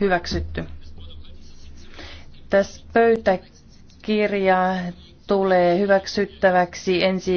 hyväksytty. Tässä pöytäkirja tulee hyväksyttäväksi ensi